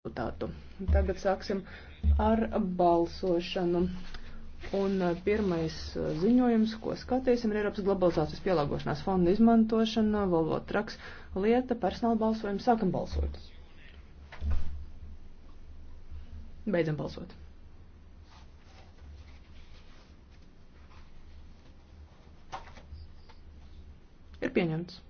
deputātu. Tagad sāksim ar balsošanu. Un uh, pirmais uh, ziņojums, ko skatīsim, ir Eiropas globalizācijas pielāgošanās fonda izmantošana, Volvo traks lieta, personāla balsojums. Sākam balsot. Beidzam balsot. Ir pieņemts.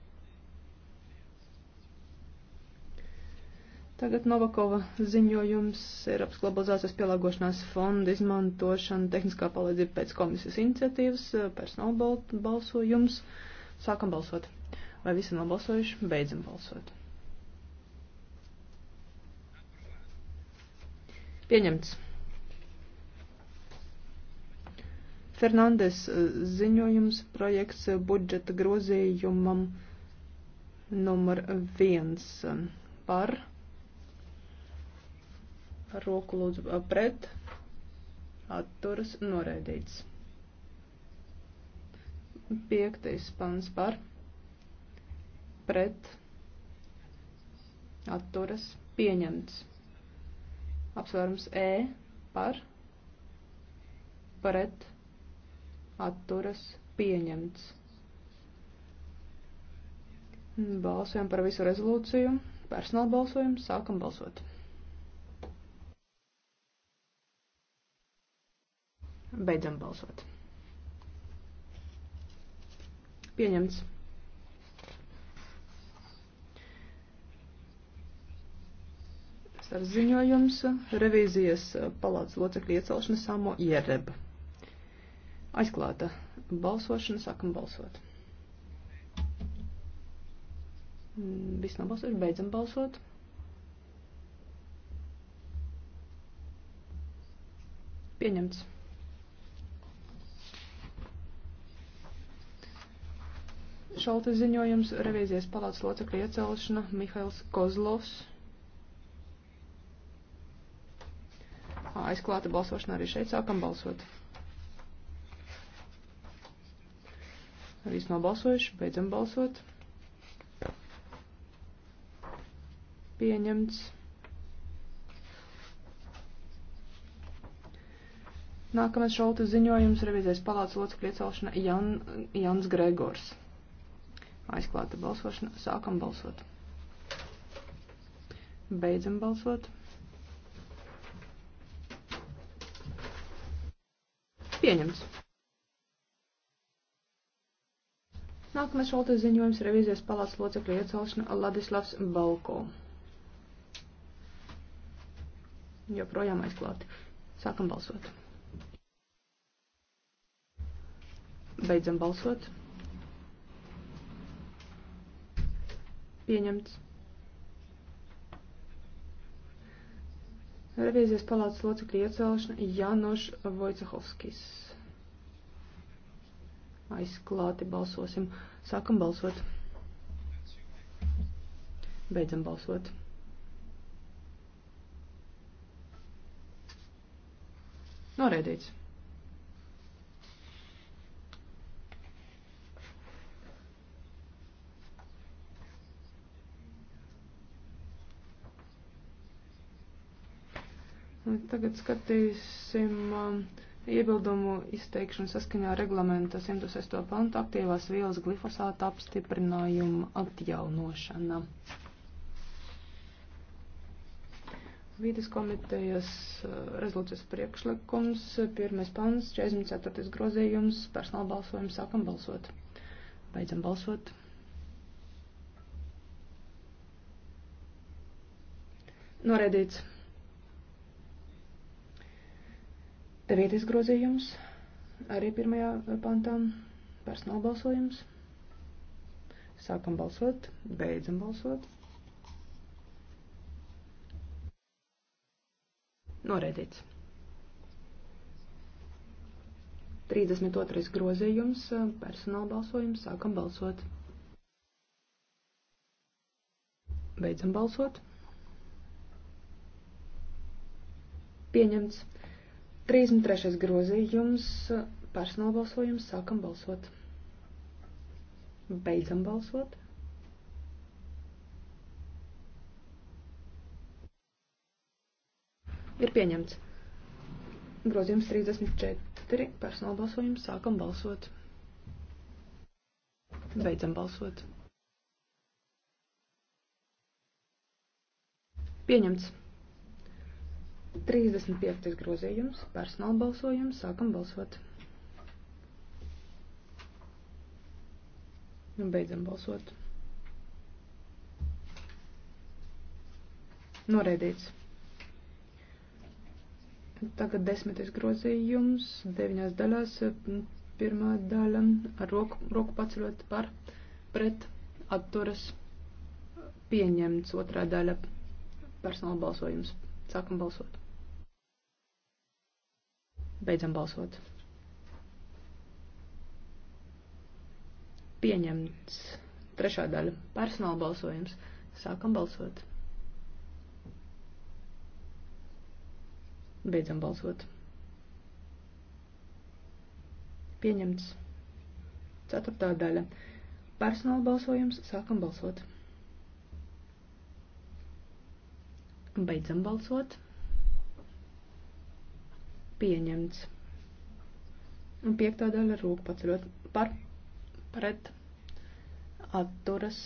Tagad Novakova ziņojums Eiropas globalizācijas pielāgošanās fonda izmantošana tehniskā palīdzība pēc komisijas iniciatīvas, personāla balsojums. Sākam balsot. Vai visi nobalsojuši? Beidzam balsot. Pieņemts. Fernandes eh, ziņojums projekts eh, budžeta grozījumam numur viens eh, par Ar roku lūdzu pret. Atturas noraidīts. Piektais pants par. Pret. Atturas pieņemts. Apsvērums E par. Pret. Atturas pieņemts. Balsojam par visu rezolūciju. Personāla balsojumu. Sākam balsot. Beidzam balsot. Pieņemts. ar ziņojums revīzijas palātas locekļu iecelšana Samo Jereb. Aizklāta balsošana, sākam balsot. Viss nav balsojuši, beidzam balsot. Pieņemts. Šalta ziņojums, revīzijas palātas locekļa iecelšana, Mihails Kozlovs. Aizklāta balsošana arī šeit sākam balsot. Viss nobalsojuši, beidzam balsot. Pieņemts. Nākamais šalta ziņojums, revīzijas palātas locekļa iecelšana, Jan, Jans Gregors. Aizklāta balsošana. Sākam balsot. Beidzam balsot. Pieņems. Nākamais šoltais ziņojums revīzijas palāts locekļu iecelšana Ladislavs Balko. Joprojām aizklāti. Sākam balsot. Beidzam balsot. Pieņemts. Revīzijas palātas locekļa iecelšana Janoš Vojcehovskis. Aizklāti balsosim. Sākam balsot. Beidzam balsot. Noraidīts. Un nu, tagad skatīsim um, iebildumu izteikšanu saskaņā ar reglamenta 106. pantu aktīvās vielas glifosāta apstiprinājuma atjaunošana. Vīdes komitejas uh, rezolūcijas priekšlikums, 1. pants, 44. grozījums, personāla balsojums, sākam balsot. Beidzam balsot. Noredīts. Devītais grozījums arī pirmajā pantā personāla balsojums. Sākam balsot, beidzam balsot. Noreidīts. 32. grozījums, personāla balsojums, sākam balsot. Beidzam balsot. Pieņemts. 33. grozījums, personāla balsojums, sākam balsot. Beidzam balsot. Ir pieņemts. Grozījums 34. Personāla balsojums, sākam balsot. Beidzam balsot. Pieņemts. 35. grozījums, personāla balsojums, sākam balsot. Un nu, beidzam balsot. Noreidīts. Tagad desmitais grozījums, deviņās daļās, pirmā daļa, ar roku, roku paceļot par, pret, atturas, pieņemts, otrā daļa, personāla balsojums. Sākam balsot. Beidzam balsot. Pieņemts trešā daļa personāla balsojums. Sākam balsot. Beidzam balsot. Pieņemts. Ceturtā daļa. Personāla balsojums. Sākam balsot. Beidzam balsot pieņemts. Un piektā daļa rūk paceļot par, pret, atturas,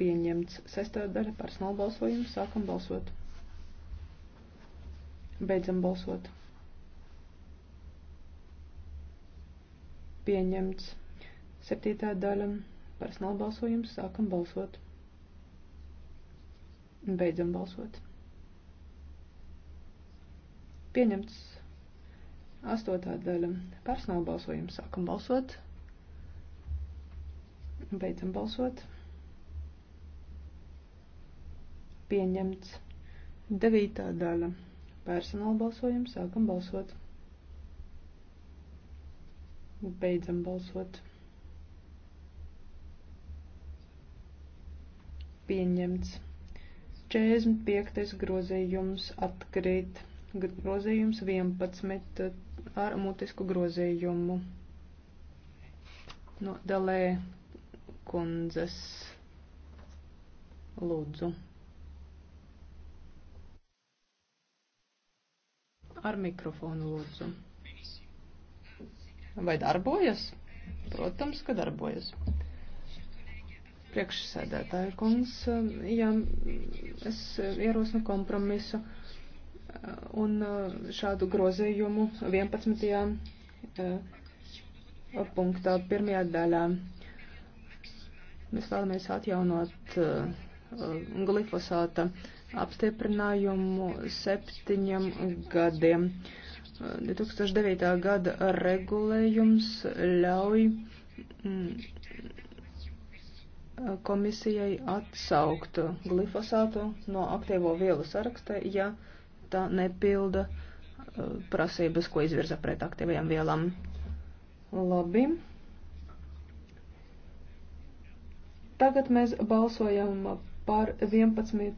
pieņemts. Sestā daļa personāla balsojumu, sākam balsot. Beidzam balsot. Pieņemts. Septītā daļa personāla balsojums, sākam balsot. Beidzam balsot. Pieņemts. Astotā daļa - personāla balsojums. Sākam balsot. Beidzam balsot. Pieņemts. Devītā daļa - personāla balsojums. Sākam balsot. Beidzam balsot. Pieņemts. 45. grozījums atkrīt grozījums 11 ar mutisku grozījumu no Dalē kundzes lūdzu. Ar mikrofonu lūdzu. Vai darbojas? Protams, ka darbojas. Priekšsēdētāja kungs, ja es ierosinu kompromisu un e, šādu grozījumu 11. E, punktā pirmajā daļā. Mēs vēlamies atjaunot e, glifosāta apstiprinājumu septiņiem gadiem. 2009. gada regulējums ļauj mm, komisijai atsaukt glifosātu no aktīvo vielu sarakstē, ja uh, tā nepilda uh, prasības, ko izvirza pret aktīvajām vielām. Labi. Tagad mēs balsojam par 11.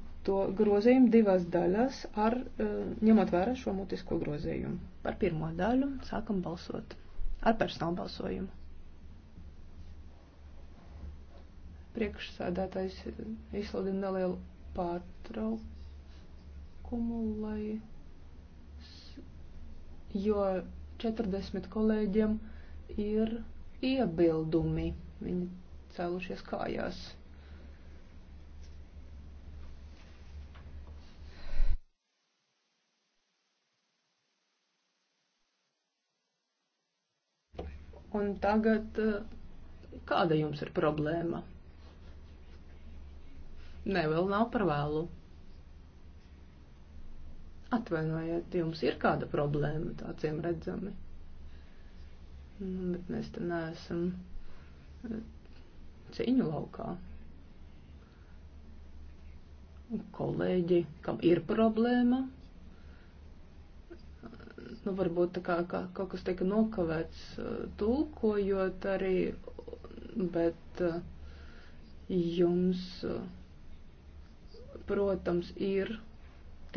grozījumu divas daļas, ar, uh, ņemot vērā šo mutisko grozījumu. Par pirmo daļu sākam balsot ar personālu balsojumu. Priekšsēdētājs uh, izsludina nelielu pārtraukumu priekšlikumu, lai, jo 40 kolēģiem ir iebildumi. Viņi cēlušies kājās. Un tagad eh, kāda jums ir problēma? Nē, vēl nav par vēlu. Atvainojiet, jums ir kāda problēma, acīm redzami. Nu, bet mēs te neesam eh, cīņu laukā. Un kolēģi, kam ir problēma, nu, varbūt tā kā, kā kaut kas tika nokavēts eh, tulkojot arī, bet eh, jums, protams, ir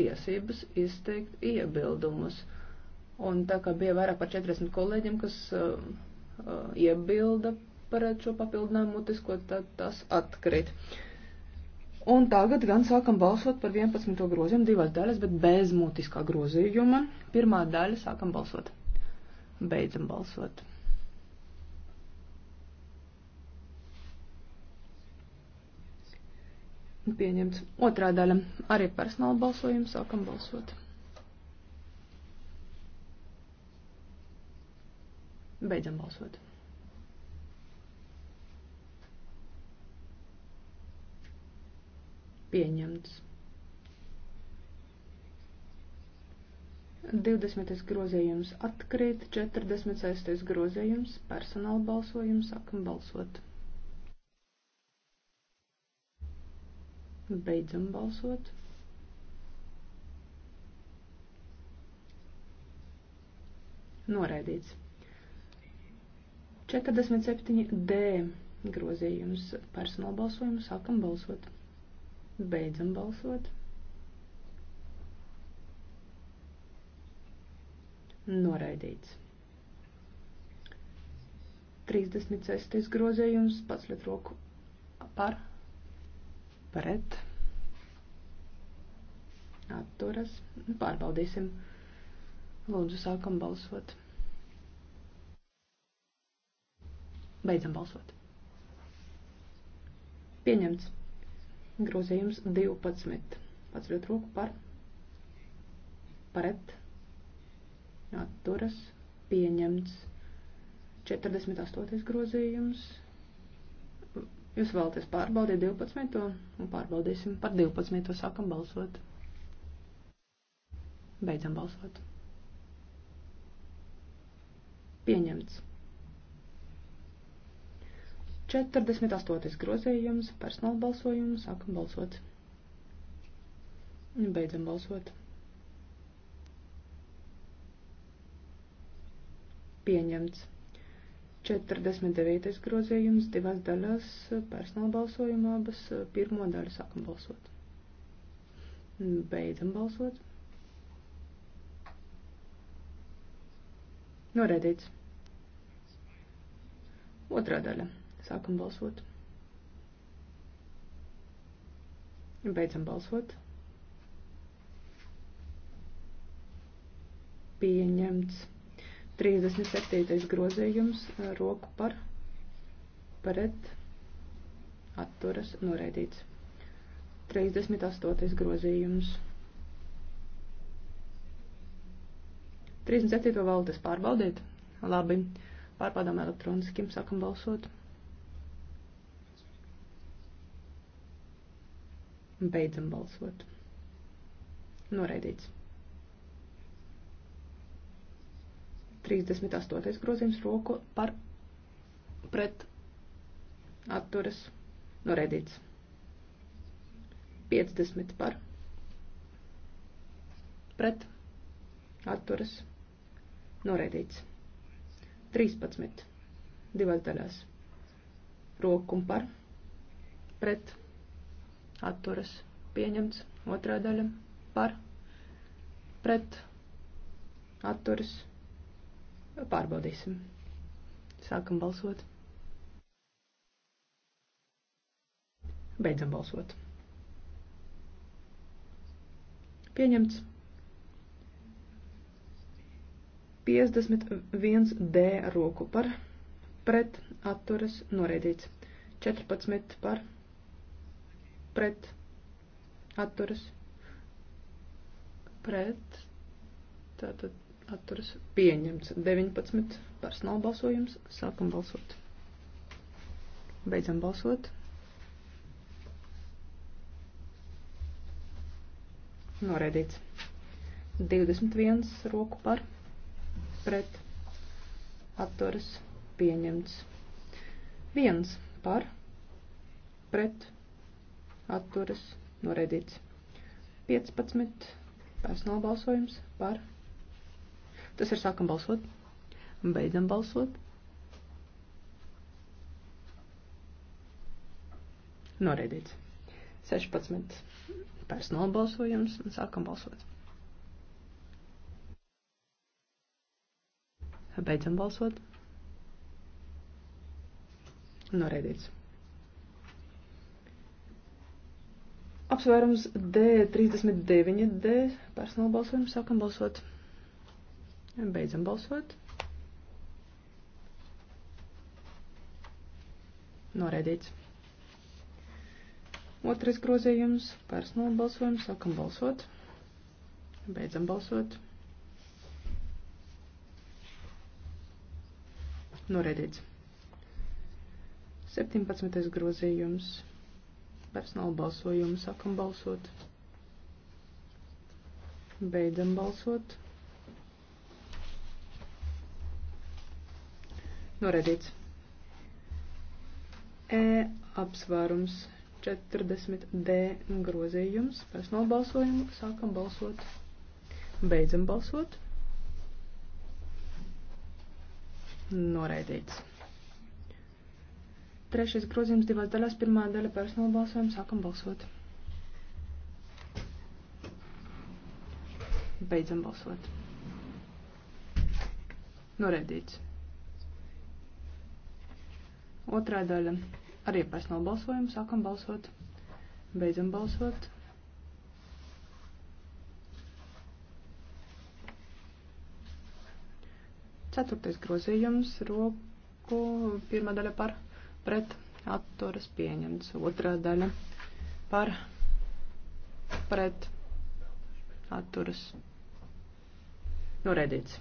tiesības izteikt iebildumus. Un tā kā bija vairāk par 40 kolēģiem, kas uh, uh, iebilda pret šo papildinājumu mutisko, tad tas atkrit. Un tagad gan sākam balsot par 11. grozījumu divās daļas, bet bez mutiskā grozījuma. Pirmā daļa sākam balsot. Beidzam balsot. Pieņemts. Otrā daļa arī personāla balsojumu. Sākam balsot. Beidzam balsot. Pieņemts. 20. grozījums atkrīt, 46. grozījums personāla balsojumu. Sākam balsot. Beidzam balsot. Noraidīts. 47D grozījums personāla balsojumu sākam balsot. Beidzam balsot. Noraidīts. 36. grozījums pats liet roku par pret, atturas, pārbaudīsim. Lūdzu, sākam balsot. Beidzam balsot. Pieņemts grozījums 12. Atceļot roku par, pret, atturas, pieņemts 48. grozījums 12. Jūs vēlaties pārbaudīt 12. un pārbaudīsim par 12. sākam balsot. Beidzam balsot. Pieņemts. 48. grozījums, personāla balsojums, sākam balsot. Beidzam balsot. Pieņemts. 49. grozījums divās daļās personāla balsojuma abas. Pirmo daļu sākam balsot. Beidzam balsot. Noredīts. Otrā daļa. Sākam balsot. Beidzam balsot. Pieņemts. 37. grozījums roku par pret atturas noraidīts. 38. grozījums. 37. valdes pārbaudiet. Labi. Pārbaudām elektroniski, sākam balsot. Beidzam balsot. Noraidīts. 38. grozījums roku par pret atturas noraidīts. 50 par pret atturas noraidīts. 13. divās daļās roku un par pret atturas pieņemts. Otrā daļa par pret atturas noraidīts Pārbaudīsim. Sākam balsot. Beidzam balsot. Pieņemts. 51D roku par, pret atturas noraidīts. 14 par, pret atturas, pret, tātad atturas pieņemts. 19 personāla balsojums. Sākam balsot. Beidzam balsot. Noraidīts. 21 roku par pret atturas pieņemts. 1 par pret atturas noraidīts. 15 personāla balsojums par pret Tas ir sākam balsot. Beidzam balsot. Noreidīts. 16 personāla balsojums un sākam balsot. Beidzam balsot. Noreidīts. Apsvērums D39D personāla balsojums sākam balsot. Beidzam balsot. Noraidīts. Otrais grozījums - personāla balsojums. Sākam balsot. Beidzam balsot. Noraidīts. 17. grozījums. Personāla balsojums. Sākam balsot. Beidzam balsot. Noredīts. E apsvērums 40D grozījums. Pēc nobalsojumu sākam balsot. Beidzam balsot. Noraidīts. Trešais grozījums divās daļās. Pirmā daļa personāla balsojuma. Sākam balsot. Beidzam balsot. Noraidīts. Otrā daļa arī pēc nobalsojumu. Sākam balsot. Beidzam balsot. Ceturtais grozījums. Roku pirmā daļa par pret atturas pieņemts. Otrā daļa par pret atturas noredīts.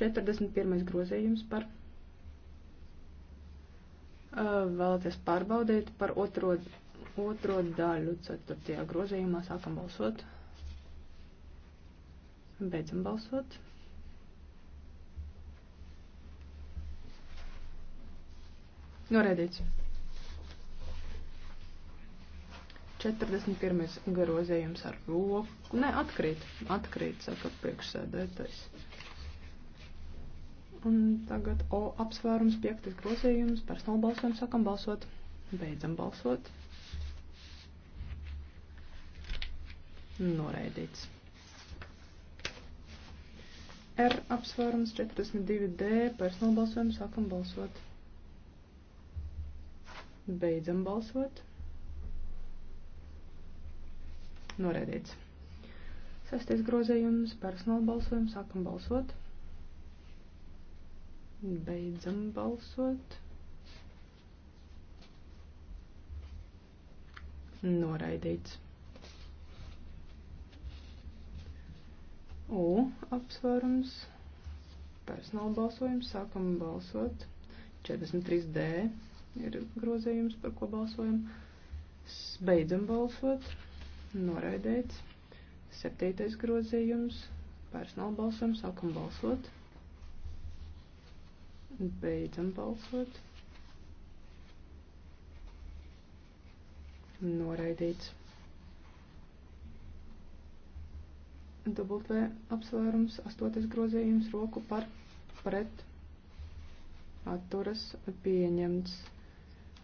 41. grozījums par pret vēlaties pārbaudīt par otro, otro daļu. Ceturtajā grozījumā sākam balsot. Beidzam balsot. Norēdīts. 41. grozījums ar roku. Nē, atkrīt, atkrīt, saka priekšsēdētājs. Un tagad O apsvērums, piektais grozījums, personāla balsojums, sākam balsot, beidzam balsot. Noraidīts. R apsvērums 42D, personāla balsojums, sākam balsot. Beidzam balsot. Noraidīts. Sestais grozījums, personāla balsojums, sākam balsot. Beidzam balsot. Noraidīts. U apsvērums. Personāla balsojums. Sākam balsot. 43D ir grozījums, par ko balsojam. Beidzam balsot. Noraidīts. Septītais grozījums. Personāla balsojums. Sākam balsot. Beidzam balsot. Noraidīts. Dubultvē apsvērums, astotais grozījums, roku par pret atturas pieņemts.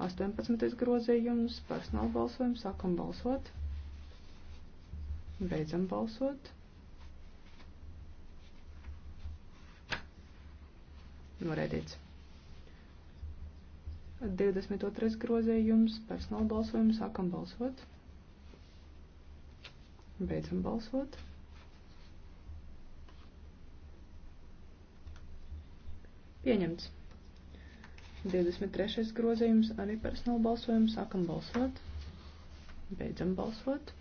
18. grozījums, personāla balsojums, sākam balsot. Beidzam balsot. Noraidīts. 22. grozījums, personāla balsojums, sākam balsot. Beidzam balsot. Pieņemts. 23. grozījums, arī personāla balsojums, sākam balsot. Beidzam balsot.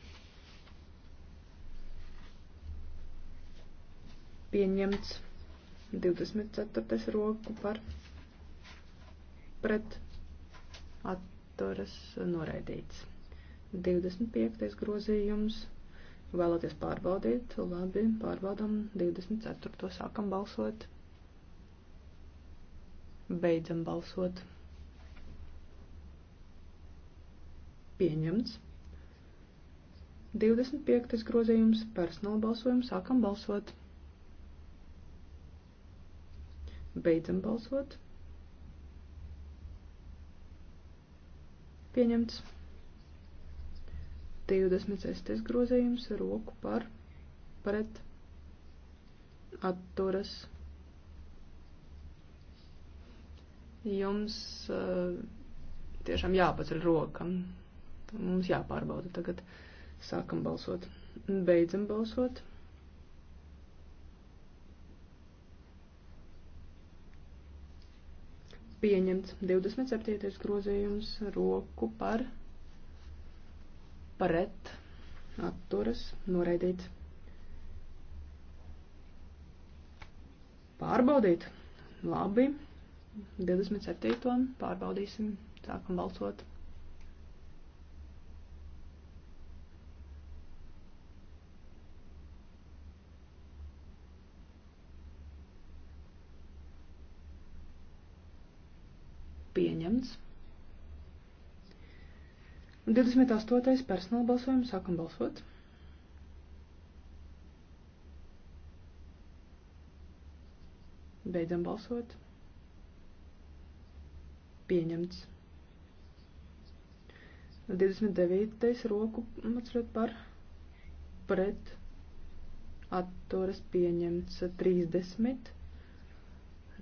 Pieņemts. 24. roku par pret atturas noraidīts. 25. grozījums. Vēlaties pārbaudīt? Labi, pārbaudam 24. sākam balsot. Beidzam balsot. Pieņemts. 25. grozījums personāla balsojums sākam balsot. Beidzam balsot. Pieņemts. 26. grozījums roku par pret atturas. Jums uh, tiešām jāpaceļ roka. Mums jāpārbauda tagad. Sākam balsot. Beidzam balsot. pieņemts 27. grozījums roku par paret atturas noraidīt. Pārbaudīt. Labi. 27. pārbaudīsim. Sākam balsot. 28. personāla balsojumu sākam balsot. Beidzam balsot. Pieņemts. 29. roku atcerot par pret atturas pieņemts 30.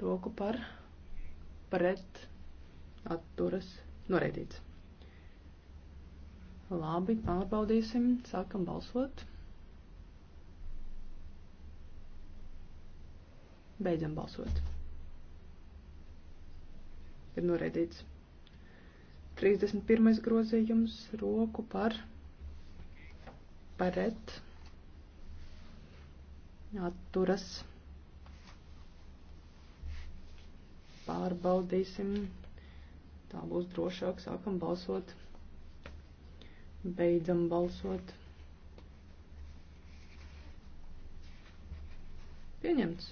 Roku par pret atturas noraidīts. Labi, pārbaudīsim, sākam balsot. Beidzam balsot. Ir noraidīts. 31. grozījums roku par paret atturas. Pārbaudīsim. Tā būs drošāk. Sākam balsot. Beidzam balsot. Pieņemts.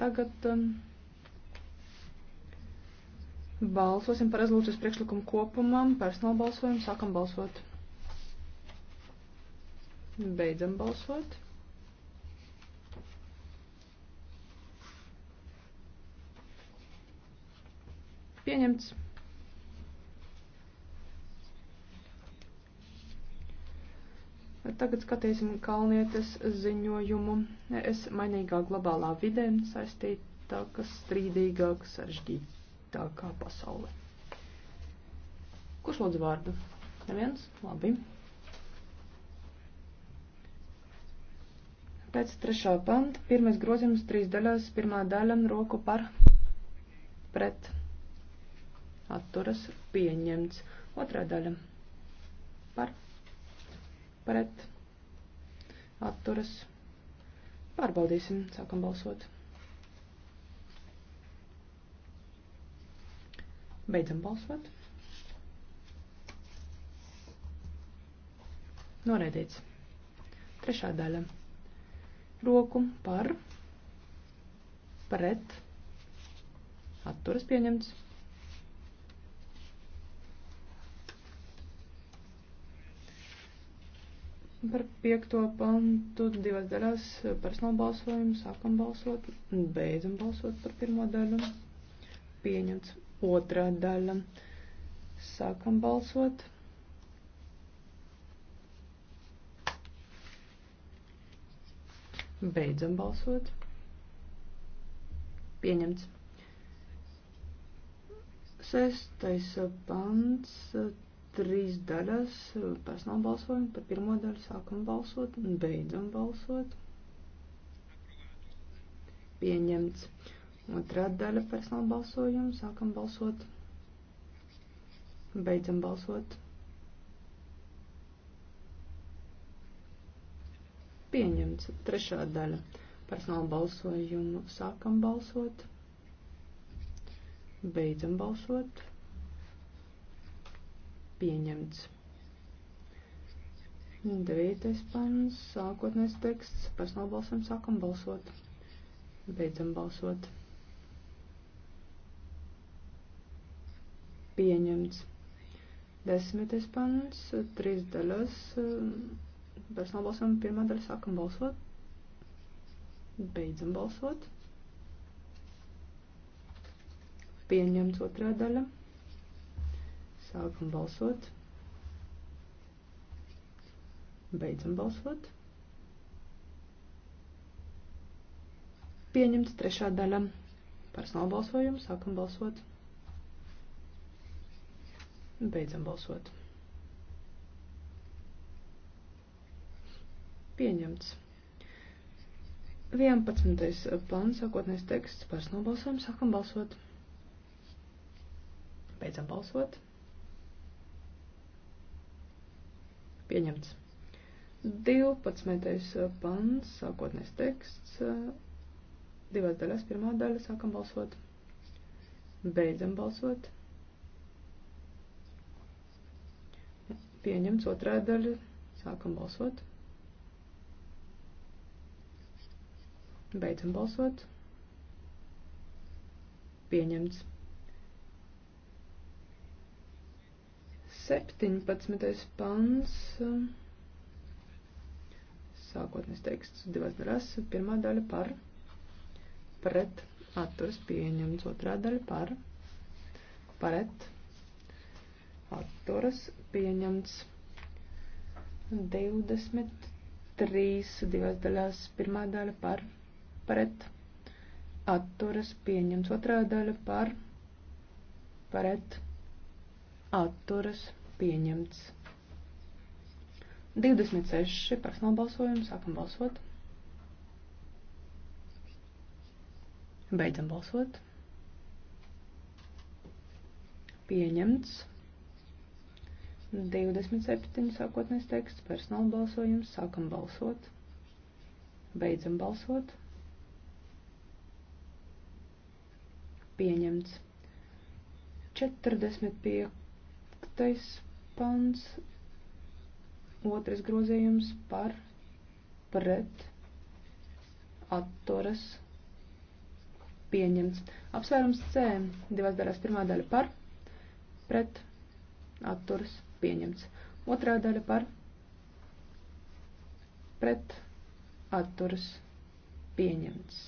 Tagad um, balsosim par rezolūcijas priekšlikumu kopumam. Personāla balsojumu sākam balsot. Beidzam balsot. Pieņemts. Tagad skatīsim Kalnietes ziņojumu. Es mainīgā globālā vidē saistītāka, strīdīgāka, sarežģītākā pasaule. Kurš lūdzu vārdu? Neviens? Labi. Pēc trešā panta pirmais grozījums trīs daļās. Pirmā daļa roku par pret atturas pieņemts. Otrā daļa par pret pret atturas. Pārbaudīsim, sākam balsot. Beidzam balsot. Noreidīts. Trešā daļa. Roku par, pret, atturas pieņemts. Par piekto pantu divas daļās personāla balsojumu sākam balsot un beidzam balsot par pirmo daļu. Pieņemts otrā daļa. Sākam balsot. Beidzam balsot. Pieņemts. Sestais pants, trīs daļās personāla balsojumu. Par pirmo daļu sākam balsot un beidzam balsot. Pieņemts. Otrā daļa personāla balsojumu. Sākam balsot. Beidzam balsot. Pieņemts. Trešā daļa personāla balsojumu. Sākam balsot. Beidzam balsot pieņemts. Devītais pants, sākotnēs teksts, personāla balsam sākam balsot, beidzam balsot. Pieņemts. Desmitais pants, trīs daļas, personāla balsam pirmā daļa sākam balsot, beidzam balsot. Pieņemts otrā daļa Sākam balsot. Beidzam balsot. Pieņemts trešā daļa. Personāla balsojumu. Sākam balsot. Beidzam balsot. Pieņemts. 11. pants, sākotnēs teksts, personāla balsojumu. Sākam balsot. Beidzam balsot. Pieņemts. 12. Uh, pants, sākotnēs teksts, uh, divās daļās, pirmā daļa, sākam balsot, beidzam balsot. Pieņemts otrā daļa, sākam balsot, beidzam balsot. Pieņemts. 17. pants, sākotnes teksts, divas daļas, pirmā daļa par, pret, atturas pieņemts, otrā daļa par, pret, atturas pieņemts, 23. divas daļās, pirmā daļa par, pret, atturas pieņemts, otrā daļa par, pret, atturas pieņemts atturas pieņemts. 26 personāla balsojums, sākam balsot. Beidzam balsot. Pieņemts. 27 sākotnēs teksts, personāla balsojums, sākam balsot. Beidzam balsot. Pieņemts. 45 pants, otrais grozījums par pret atturas pieņemts. Apsvērums C divās daļās pirmā daļa par pret atturas pieņemts. Otrā daļa par pret atturas pieņemts.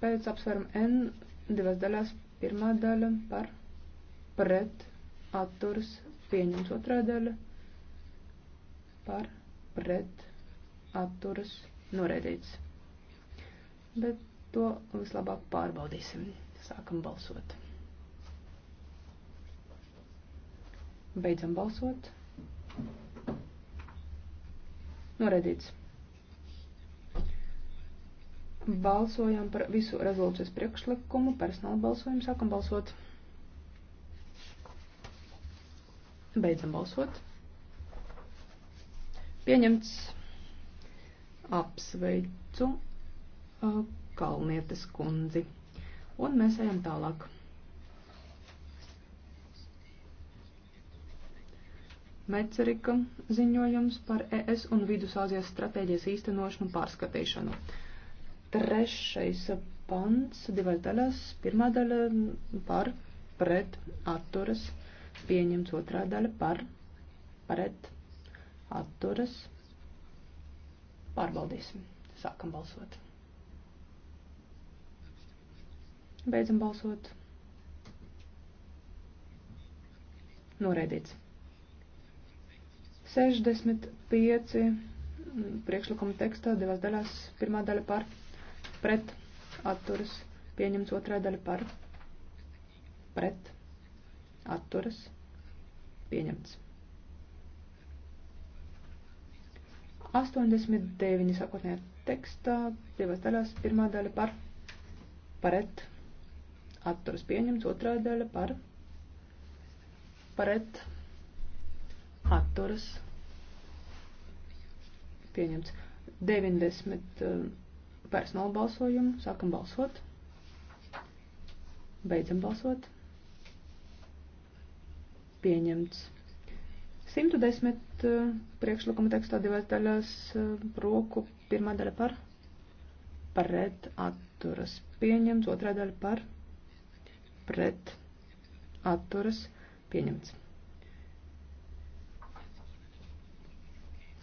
Pēc apsvēruma N divās daļās Pirmā daļa par pret atturas pieņems. Otrā daļa par pret atturas noraidīts. Bet to vislabāk pārbaudīsim. Sākam balsot. Beidzam balsot. Noraidīts. Balsojam par visu rezolūcijas priekšlikumu, personāla balsojumu, sākam balsot. Beidzam balsot. Pieņemts apsveicu uh, Kalnietes kundzi. Un mēs ejam tālāk. Mecerika ziņojums par ES un Vidusāzijas stratēģijas īstenošanu pārskatīšanu. Trešais pants, divās daļās. Pirmā daļa par, pret, atturas, pieņemts. Otrā daļa par, pret, atturas. Pārbaudīsim. Sākam balsot. Beidzam balsot. Noreidīts. 65 priekšlikuma tekstā divās daļās. Pirmā daļa par pret atturas pieņemts otrā daļa par pret atturas pieņemts. 89 sākotnējā tekstā, divas daļās, pirmā daļa par pret atturas pieņemts, otrā daļa par pret atturas pieņemts. 90 personāla balsojumu. Sākam balsot. Beidzam balsot. Pieņemts. 110 eh, priekšlikuma tekstā divās daļās eh, roku. Pirmā daļa par. Pret atturas. Pieņemts. Otrā daļa par. Pret atturas. Pieņemts.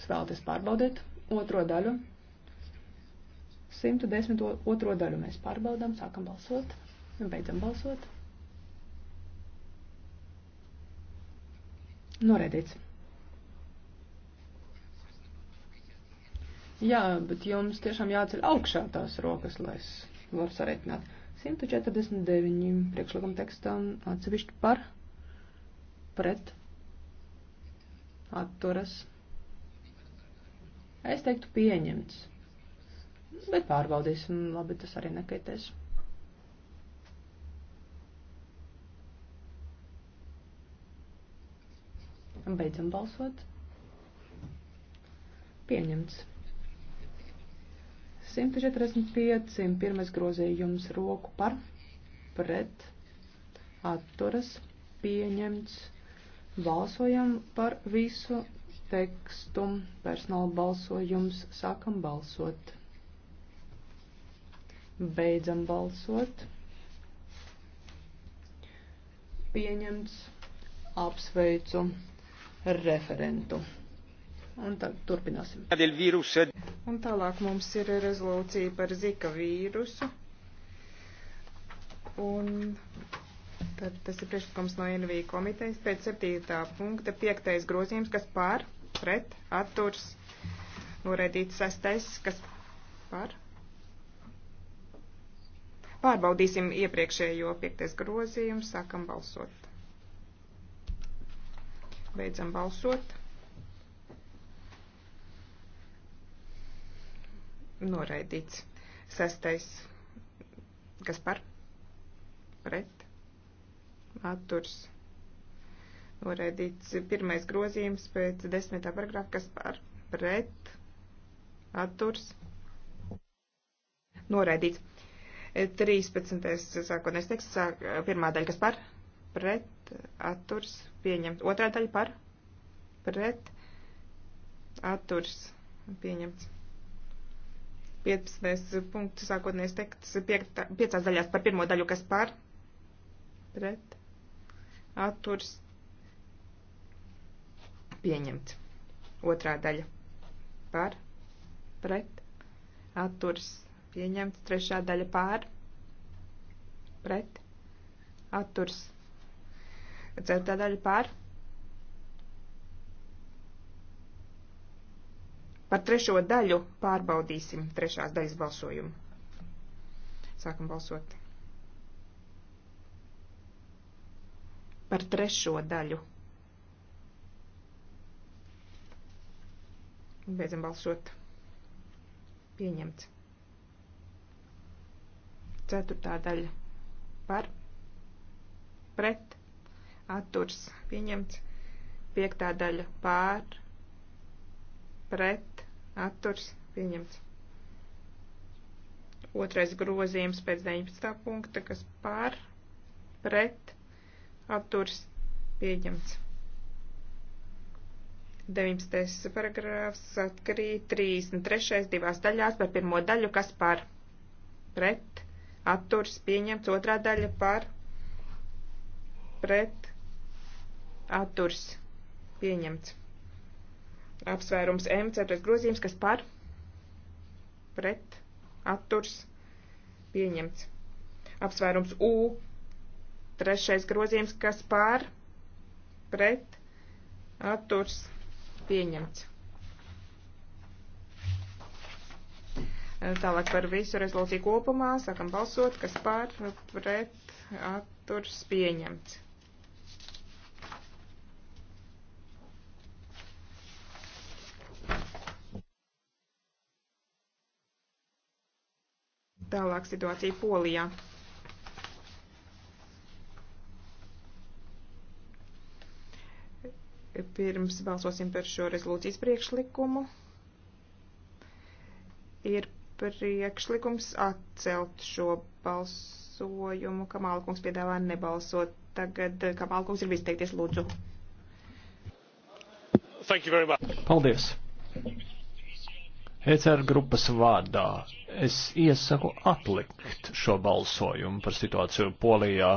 Svēlties pārbaudīt otro daļu 112. daļu mēs pārbaudām, sākam balsot un beidzam balsot. Noredīts. Jā, bet jums tiešām jāceļ augšā tās rokas, lai es varu sareiķināt. 149 priekšlikam tekstam atsevišķi par, pret, atturas. Es teiktu pieņemts bet pārbaudīsim, labi, tas arī nekaitēs. Beidzam balsot. Pieņemts. 145, pirmais grozījums roku par, pret, atturas, pieņemts. Balsojam par visu tekstu. Personāla balsojums. Sākam balsot. Beidzam balsot. Pieņemts. Apsveicu referentu. Un tad turpināsim. Un tālāk mums ir rezolūcija par zika vīrusu. Un tad tas ir priekšlikums no NV komitejas pēc 7. punkta 5. grozījums, kas pār, pret, atturs, noraidīts 6. kas pār Pārbaudīsim iepriekšējo piektais grozījumu, sākam balsot. Beidzam balsot. Noraidīts. Sestais. Kas par? Pret. Atturs. Noraidīts pirmais grozījums pēc desmitā paragrāfa, kas par? Pret. Atturs. Noraidīts 13. sākotnēs teksts, sāk, pirmā daļa, kas par, pret, atturs, pieņemts. Otrā daļa par, pret, atturs, pieņemts. 15. punkts, sākotnēs teksts, 5. daļās par pirmo daļu, kas par, pret, atturs, pieņemts. Otrā daļa par, pret, atturs, pieņemts Pieņemts trešā daļa pār. Pret. Atturs. Ceturtā daļa pār. Par trešo daļu pārbaudīsim trešās daļas balsojumu. Sākam balsot. Par trešo daļu. Beidzam balsot. Pieņemts. Ceturtā daļa par pret atturs pieņemts. Piektā daļa pār pret atturs pieņemts. Otrais grozījums pēc 19. punkta, kas pār pret atturs pieņemts. 19. paragrāfs atkarīja 33. divās daļās par pirmo daļu, kas par pret atturs pieņemts. Otrā daļa par pret atturs pieņemts. Apsvērums M, ceturtais grozījums, kas par pret atturs pieņemts. Apsvērums U, trešais grozījums, kas par pret atturs pieņemts. Tālāk par visu rezolūciju kopumā sākam balsot, kas pār pret atturs pieņemts. Tālāk situācija Polijā. Pirms balsosim par šo rezolūcijas priekšlikumu, ir priekšlikums atcelt šo balsojumu. Kamāla kungs piedāvā nebalsot. Tagad eh, Kamāla kungs ir izteikties lūdzu. Paldies. ECR grupas vārdā es iesaku atlikt šo balsojumu par situāciju Polijā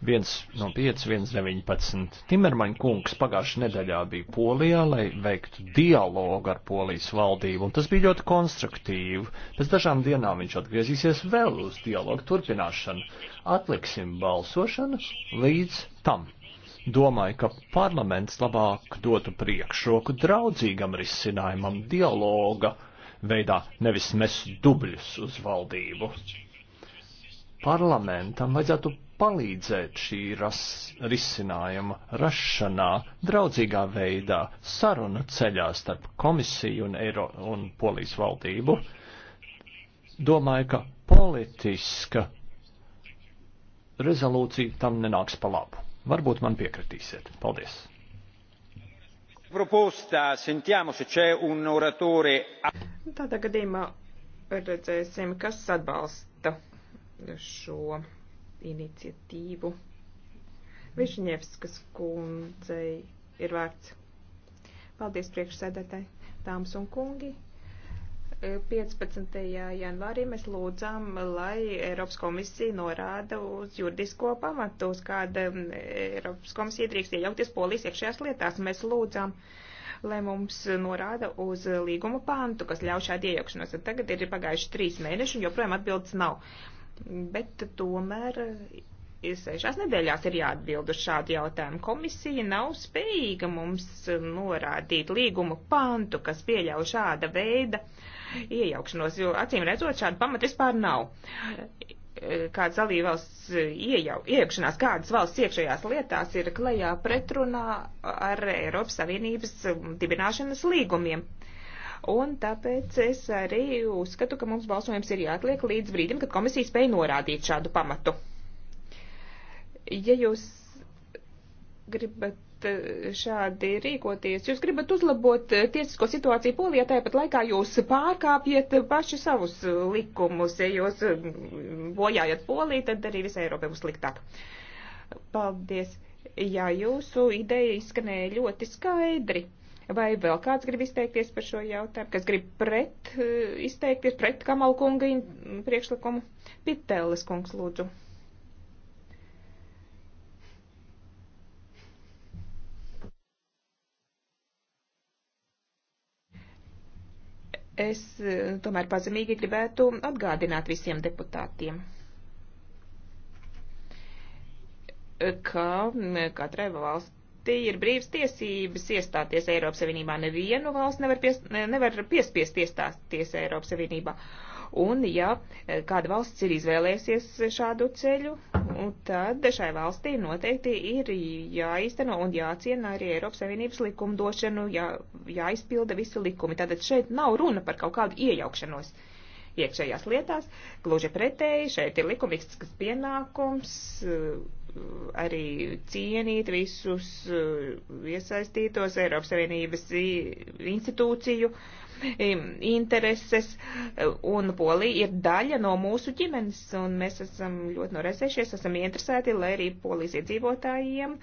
viens no 5, 1, 19. Timermaņa kungs pagājušajā nedēļā bija Polijā, lai veiktu dialogu ar Polijas valdību, un tas bija ļoti konstruktīvi. Pēc dažām dienām viņš atgriezīsies vēl uz dialogu turpināšanu. Atliksim balsošanu līdz tam. Domāju, ka parlaments labāk dotu priekšroku draudzīgam risinājumam dialoga veidā, nevis mest dubļus uz valdību. Parlamentam vajadzētu palīdzēt šī ras, risinājuma rašanā draudzīgā veidā saruna ceļā starp komisiju un, Eiro, un polijas valdību. Domāju, ka politiska rezolūcija tam nenāks pa labu. Varbūt man piekritīsiet. Paldies. Proposta, sentiamo, se c'è un oratore. Tādā gadījumā redzēsim, kas atbalsta šo iniciatīvu. Višņevskas kundzei ir vārds. Paldies priekšsēdētāji, dāmas un kungi. 15. E, janvārī mēs lūdzām, lai Eiropas komisija norāda uz juridisko pamatu, uz kāda Eiropas komisija drīkst iejaukties polijas iekšējās lietās. Mēs lūdzām, lai mums norāda uz līguma pantu, kas ļauj šādi iejaukšanos. Un tagad ir pagājuši trīs mēneši un joprojām atbildes nav. Uh, bet tomēr sešās nedēļās ir jāatbild uz šādu jautājumu. Komisija nav spējīga mums norādīt līguma pantu, kas pieļauj šāda veida iejaukšanos, jo acīm redzot šādu pamatu vispār nav. Kāds dalība valsts iejau, iekšanās, kādas valsts iekšējās lietās ir klajā pretrunā ar Eiropas Savienības dibināšanas līgumiem. Un tāpēc es arī uzskatu, ka mums balsojums ir jāatliek līdz brīdim, kad komisija spēja norādīt šādu pamatu. Ja jūs gribat eh, šādi rīkoties. Jūs gribat uzlabot eh, tiesisko situāciju polijā, tāpat laikā jūs pārkāpjat paši savus eh, likumus. Ja jūs mm, bojājat poliju, tad arī visai Eiropai būs sliktāk. Paldies. Jā, jūsu ideja izskanēja ļoti skaidri. Vai vēl kāds grib izteikties par šo jautājumu, kas grib pret eh, izteikties, pret Kamal kunga priekšlikumu? Pitēlis kungs, lūdzu. Es eh, tomēr pazemīgi gribētu atgādināt visiem deputātiem, eh, ka katrai valsts valstī ir brīvs tiesības iestāties Eiropas Savienībā. Nevienu valsts nevar, pies, nevar piespiest iestāties Eiropas Savienībā. Un, ja e, kāda valsts ir izvēlējusies šādu ceļu, tad šai valstī noteikti ir jāizteno un jāciena arī Eiropas Savienības likumdošanu, jā, jāizpilda visi likumi. Tātad šeit nav runa par kaut kādu iejaukšanos iekšējās lietās. Gluži pretēji, šeit ir likumīgs pienākums e, arī cienīt visus uh, iesaistītos Eiropas Savienības institūciju intereses, eh, un Polija ir daļa no mūsu ģimenes, un mēs esam ļoti noraizējušies, esam interesēti, lai arī Polijas iedzīvotājiem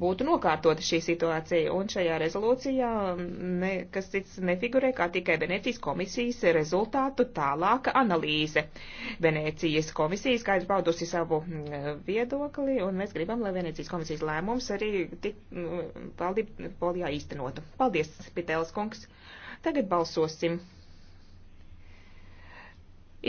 būtu nokārtota šī situācija, un šajā rezolūcijā nekas cits nefigurē, kā tikai Venecijas komisijas rezultātu tālāka analīze. Venecijas komisija skaidri paudusi savu eh, viedokli, un mēs gribam, lai Venecijas komisijas lēmums arī tik, valdība Polijā īstenotu. Paldies, Pitēlis kungs! Tagad balsosim.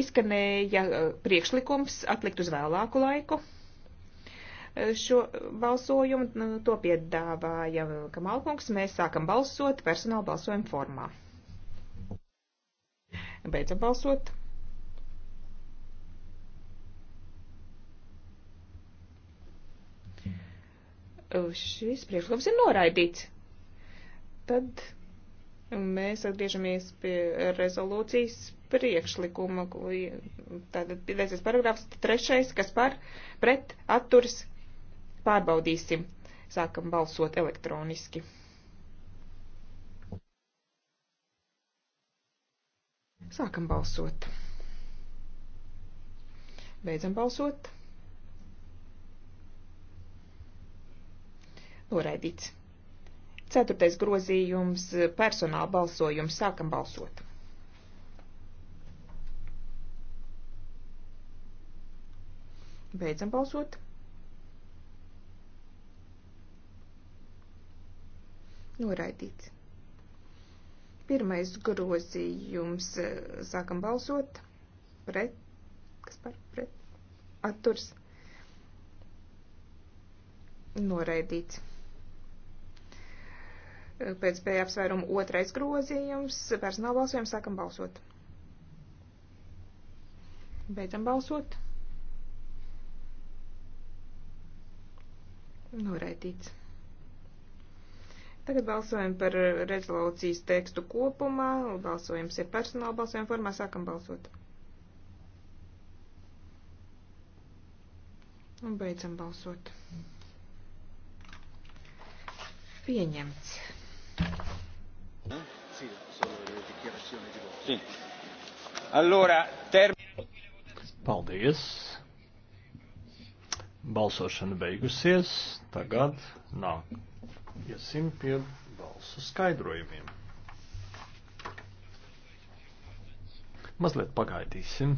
Izskanēja eh, priekšlikums atlikt uz vēlāku laiku eh, šo balsojumu. Nu, to piedāvāja Kamalkungs. Mēs sākam balsot personāla balsojuma formā. Beidzam balsot. Eh, šis priekšlikums ir noraidīts. Tad Mēs atgriežamies pie rezolūcijas priekšlikuma, tātad 5. paragrāfs, 3. kas par pret atturs pārbaudīsim. Sākam balsot elektroniski. Sākam balsot. Beidzam balsot. Noraidīts. Ceturtais grozījums - personāla balsojums. Sākam balsot. Beidzam balsot. Noraidīts. Pirmais grozījums - sākam balsot. Pret. Kas par pret? Atturs. Noraidīts pēc B apsvērumu otrais grozījums. Personāla balsojumu sākam balsot. Beidzam balsot. Noraidīts. Tagad balsojam par rezolūcijas tekstu kopumā. Balsojums ir personāla balsojuma formā. Sākam balsot. Un beidzam balsot. Pieņemts. Paldies! Balsošana beigusies, tagad nāk. Iesim pie balsu skaidrojumiem. Mazliet pagaidīsim,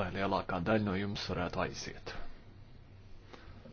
lai lielākā daļa no jums varētu aiziet.